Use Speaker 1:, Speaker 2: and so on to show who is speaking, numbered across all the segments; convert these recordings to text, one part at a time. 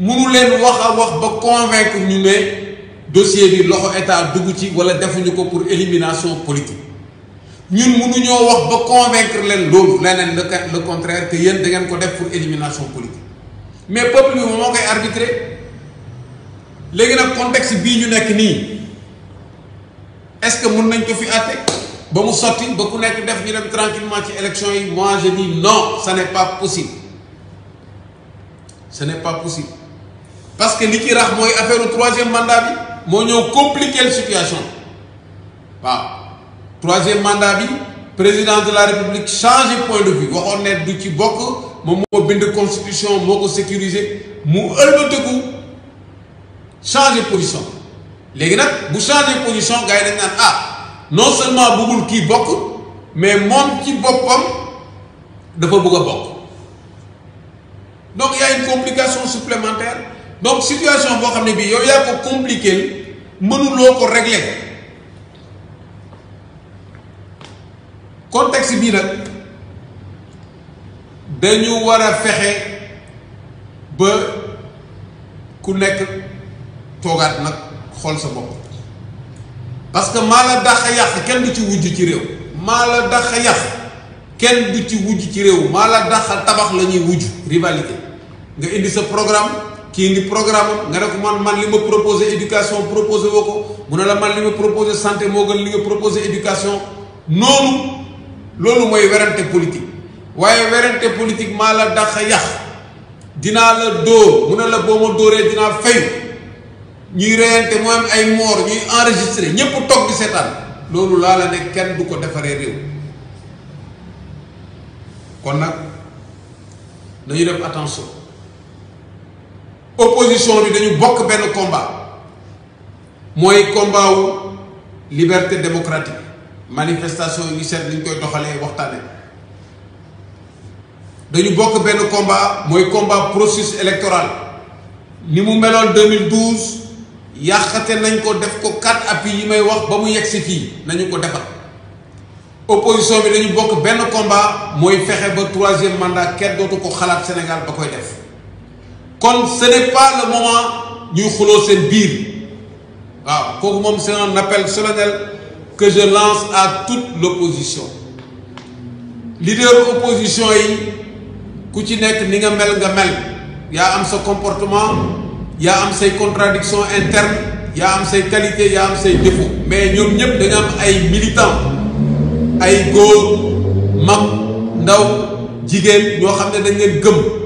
Speaker 1: munu leen wax a wax ba convaincre ñu ne dossier bi loxo état dugg ci wala defuñu ko pour élimination politique ñun munuñoo wax ba convaincre leen loolu leneen le contraire que yéen da ngeen ko def pour élimination politique mais peuple bi moo koy arbitré léegi nag contexte bii ñu nekk nii est-ce que mun nañ ko fi àtte ba mu sotti ba ku nekk def ñu dem tranquillement ci élection yi moi je dis non ça n'est pas possible ce n'est pas possible parce que li ci rax mooy affaire troisième mandat bi moo ñëw compliquer la situation waaw troisième mandat bi président de la république changé point de vue waxoon ne du ci bokk moom moo bind constitution moo ko sécuriser mu ëlbatiku changé position léegi nag bu changé position gars yi dañ naan ah non seulement bëggul kii bokk mais moom ci boppam dafa bëgg a bokk donc y a une complication supplémentaire donc situation boo xam ne bii yow yaa ko compliqué mënuloo ko régler contexte bii nag dañu war a fexe ba ku nekk toogaat nag xool sa bopp parce que maa la dàq yàq kenn du ci wujj ci réew maa la dàq yàq kenn du ci wujj ci réew maa la tabax la ñuy wujj rivalité nga indi sa programme kii ngi programme am nga ne ko man man li ma proposé éducation proposé woo ko mu la man li ma proposé santé moo gën li nga proposé éducation noonu loolu mooy werante politique waaye werante politique maa la dàq yàq dinaa la dóor mu ne la boo ma dóoree dinaa fay ñuy reyante moo am ay moor ñuy enregistré ñépp toog di seetaan loolu laa la ne kenn du ko defaree réew kon nag nañu def attention opposition bi dañu bokk benn combat mooy combat wu liberté démocratique manifestation yu seet ni koy doxalee waxtaane dañu bokk benn combat mooy combat processus électoral ni mu meloon 2012 yàqate nañ ko def ko quatre appuis yi may wax ba mu yegg si fii nañu ko defar opposition bi dañu bokk benn combat mooy fexe ba troisième mandat kenn dootu ko xalaat Sénégal ba koy def kon ce n'est pas moment ñuy xuloo seen biir waaw kooku moom c'est un appel solennel que je lance à toute l'opposition leader opposition yi ku ci nekk ni nga mel nga mel yaa am sa comportement yaa am say contradiction interne yaa am say qualité yaa am say défaut mais ñoom ñëpp da nga am ay militant ay góor mag ndaw jigéen ñoo xam ne dañ leen gëm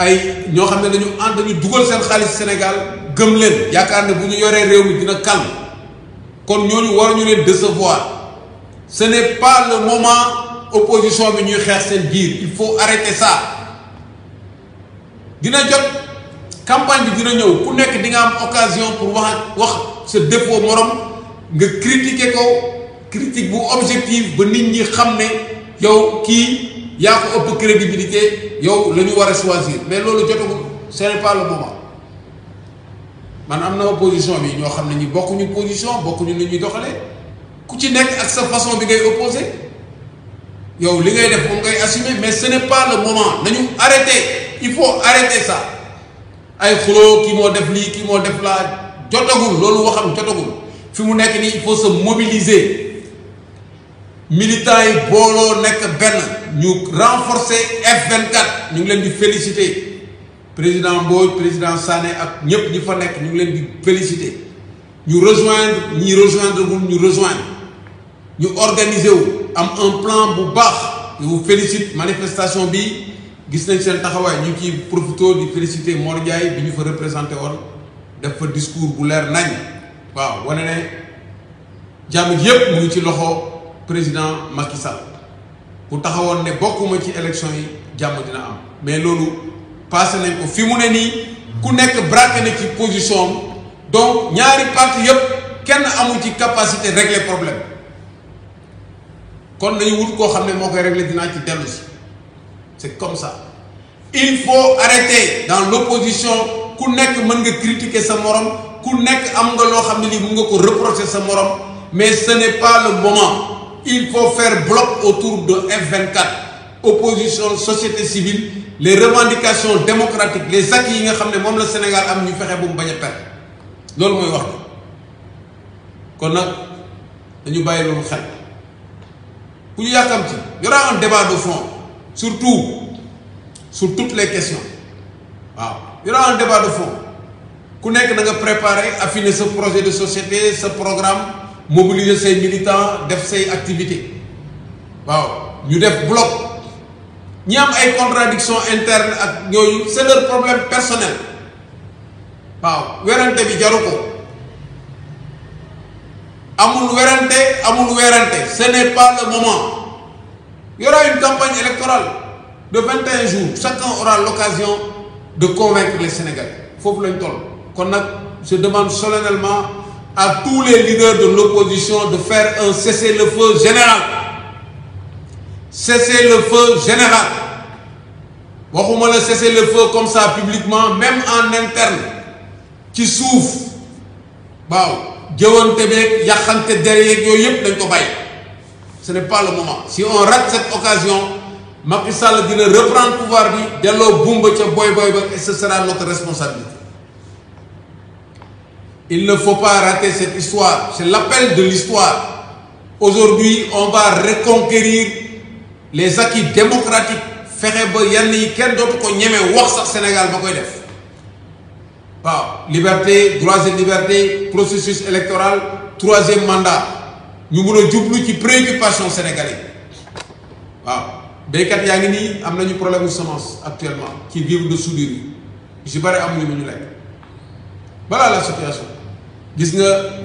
Speaker 1: ay ñoo xam ne dañu ànd dañu dugal seen xaalis Sénégal gëm leen yaakaar ne bu ñu yoree réew mi dina calme kon ñooñu war ñu leen décevoir ce n'est pas le moment opposition bi ñuy xeex seen biir il faut arrêter ça dina jot campagne bi dina ñëw ku nekk di nga am occasion pour wax wax sa défaut morom nga critiquer ko critique bu objectif ba nit ñi xam ne yow kii yaa ko ëpp crédibilité yow la ñu war a choisir mais loolu jotagul ce n'est pas le moment man am na opposition bi ñoo xam ne ñu bokkuñu position bokkuñu ni ñuy doxalee ku ci nekk ak sa façon bi ngay opposé yow li ngay def moom ngay assumer mais ce n'est pas le moment nañu arrêter il faut arrêter sax ay xuloo kii moo def lii kii moo def laa jotagul loolu waxam jotagul fi mu nekk nii il faut se mobiliser militants yi booloo nekk benn ñu renforcer F24 ñu ngi leen di féliciter président Mbodj président Sané ak ñëpp ñi fa nekk ñu ngi leen di féliciter ñu rejoindre ñi rejoindre wul ñu rejoindre ñu organiser wu am un plan bu baax ñu vous félicite manifestation bi gis nañ seen taxawaay ñu ngi ciy profité di féliciter Mor Ndiaye bi ñu fa représenté woon def fa discours bu leer nañ waaw wane ne jàmm yépp mu ci loxo président Macky bu taxawoon ne bokkuma ci élection yi jàmm dina am mais loolu passé nañ ko fi mu ne nii ku nekk braqué na ci position am donc ñaari parti yëpp kenn amul ci capacité régler problème kon nañu wut koo xam ne moo koy régler dinaa ci dellu si c'est comme ça il faut arrêter dans l'opposition ku nekk mën nga critiquer sa morom ku nekk am nga loo xam ne lii mun nga ko reprocher sa morom mais ce n'est pas le moment il faut faire bloc autour de F24 opposition société civile les revendications démocratiques les acquis yi nga xam ne moom la Sénégal am ñu fexe bu mu bañ a perte loolu mooy wax na kon nag dañu bàyyi loolu xel bu ñu yàkkamti ci y aura débat de fond surtout sur toutes les questions waaw y un débat de fond ku nekk na nga préparer affiner sa projet de société sa programme mobiliser say militants def say activité waaw ñu def bloc ñi ay contradiction interne ak ñooyu c'est leur problème personnel waaw werante bi jaru ko amul werante amul werante ce n'est pas le moment Il y aura une campagne électorale de 21 jours. Chacun aura l'occasion de convaincre les Sénégalais. Il faut que l'on Donc, demande solennellement à tous les leaders de l'opposition de faire un cessez-le-feu général cessez-le-feu général waxuma la cessez-le-feu comme ça publiquement même en interne ci suuf waaw jëwante beeg yàqante derrière yooyu yëpp dañ ko bàyyi ce n'est pas le moment si on rate cette occasion Macky Sall dina reprendre pouvoir bi delloo bumba ca boy boy ba et ce sera responsabilité Il ne faut pas rater cette histoire. C'est l'appel de l'histoire. Aujourd'hui, on va reconquérir les acquis démocratiques. fexe ba yenn yi kenn dootu ko ñemee wax sax Sénégal ba koy def waaw liberté droits liberté processus électoral troisième mandat ñu mun a jublu ci préoccupation sénégalais waaw béykat yaa ngi nii am nañu problème mu semence actuellement ci vivre de soudure yi yu si bëri amuñu lu ñu lekk balaa la situation. gis nga